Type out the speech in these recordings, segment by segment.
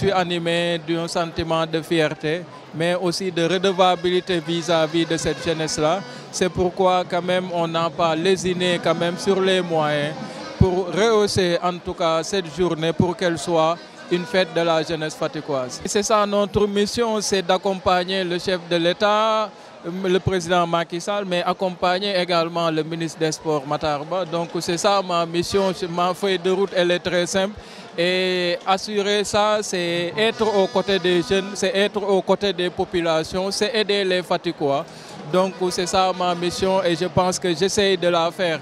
suis animé d'un sentiment de fierté, mais aussi de redevabilité vis-à-vis de cette jeunesse-là. C'est pourquoi quand même on n'a pas lésiné quand même sur les moyens pour rehausser en tout cas cette journée pour qu'elle soit une fête de la jeunesse faticoise. C'est ça notre mission, c'est d'accompagner le chef de l'État, le président Macky Sall, mais accompagner également le ministre des Sports, Matarba. Donc c'est ça ma mission, ma feuille de route, elle est très simple. Et assurer ça, c'est être aux côtés des jeunes, c'est être aux côtés des populations, c'est aider les Fatikois. Donc c'est ça ma mission et je pense que j'essaie de la faire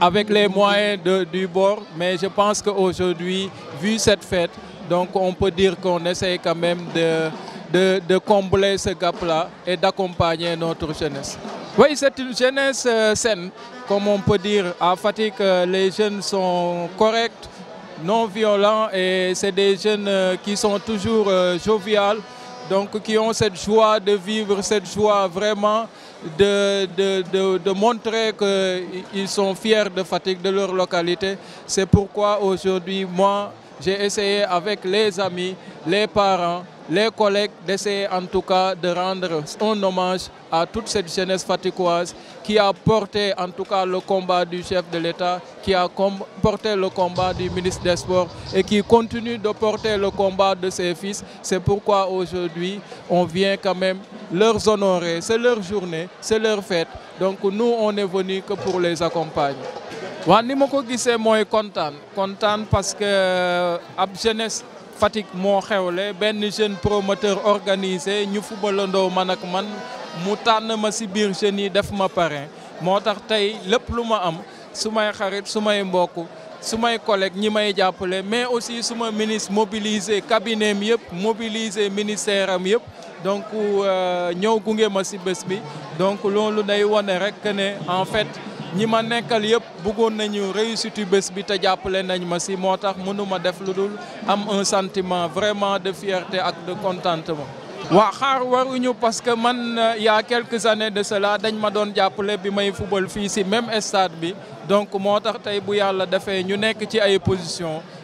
avec les moyens du bord. Mais je pense qu'aujourd'hui, vu cette fête, donc on peut dire qu'on essaye quand même de de, combler ce gap-là et d'accompagner notre jeunesse. Oui, c'est une jeunesse euh, saine, comme on peut dire. À Fatigue, euh, les jeunes sont corrects, non violents et c'est des jeunes euh, qui sont toujours joviales, donc qui ont cette joie de vivre, cette joie vraiment de, de, de montrer qu'ils sont fiers de Fatigue, de leur localité. C'est pourquoi aujourd'hui, moi, j'ai essayé avec les amis, les parents, les collègues d'essayer en tout cas de rendre un hommage à toute cette jeunesse faticoise qui a porté en tout cas le combat du chef de l'État, qui a porté le combat du ministre des Sports et qui continue de porter le combat de ses fils. C'est pourquoi aujourd'hui, on vient quand même leur honorer. C'est leur journée, c'est leur fête. Donc nous, on est venus que pour les accompagner. Je suis content, content parce que la euh, jeunesse Fatick moo xewle benn jeune promoteur organisé ñu fubalandoo man ak man mu tan ma si bir jeunes def ma parrain motax tay lepp luma am sumay xarit sumay mbokk sumay collègue ñi may jàppale mais aussi suma ministre mobilisé cabinet yep mobilisé ministère am donc euh, ñëw gunge ma si bëss bi donc lolu day wane rek que né en fait. Ni ma nekkal à bëggoon nañu réussite bés bi un sentiment vraiment de fierté et de contentement. parce que euh, il y a quelques années de cela dañ ma doon jàppale football fii si même stade bi donc moo tax tey bu ñu position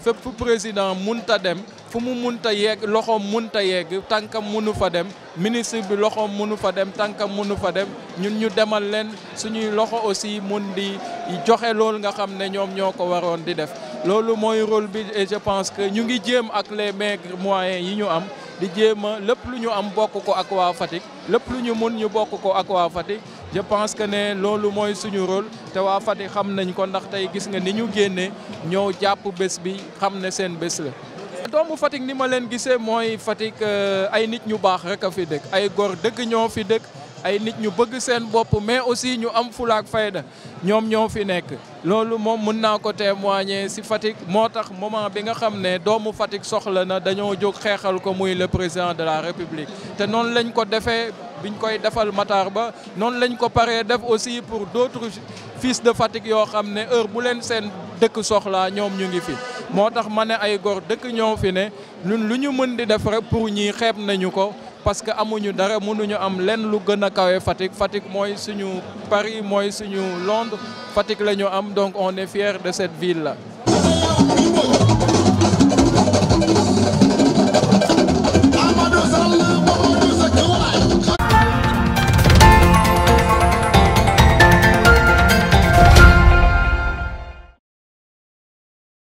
fépp fu président munta dem fu mu munta yegg loxoom munta yegg tànkam munu fa dem ministre bi loxoom munu fa dem tànkam munu fa dem ñun ñu demal leen suñuy loxo aussi mun di joxe loolu nga xam ne ñoom ñoo ko waroon di def loolu mooy rôle bi et je pense que ñu ngi jéem ak les maigre moyens yi ñu am di jéem lépp lu ñu am bokk ko ak waa Fatick lépp lu ñu mun ñu bokk ko ak waa Fatick je pense que ne loolu mooy suñu rôl te waa Fatick xam nañ ko ndax tey gis nga ni ñu génne ñoo jàpp bés bi xam ne seen bés la. doomu Fatick ni ma leen gisee mooy Fatick euh, ay nit ñu baax rek a fi dëkk ay góor dëgg ñoo fi dëkk. ay nit ñu bëgg seen bopp mais aussi ñu am fulaak fayda ñoom ñoo fi nekk loolu moom mën naa ko témoigner si Fatick moo tax moment bi nga xam ne doomu Fatick soxla na dañoo jóg xeexal ko muy le président de la République te noonu lañ ko defee biñ koy defal Matar Ba noonu lañ ko paree def aussi pour d'autres fils de Fatick yoo xam ne heure bu leen seen dëkk soxlaa ñoom ñu ngi fi moo tax ma ne ay gor dëkk ñoo fi ne ñun lu ñu mën di def rek pour ñi xeeb nañu ko parce que amuñu dara mënuñu am lenn lu gëna kawé kawe Fatick Fatick mooy suñu Paris moy suñu Londres Fatick lañu am donc on est fier de cette ville là.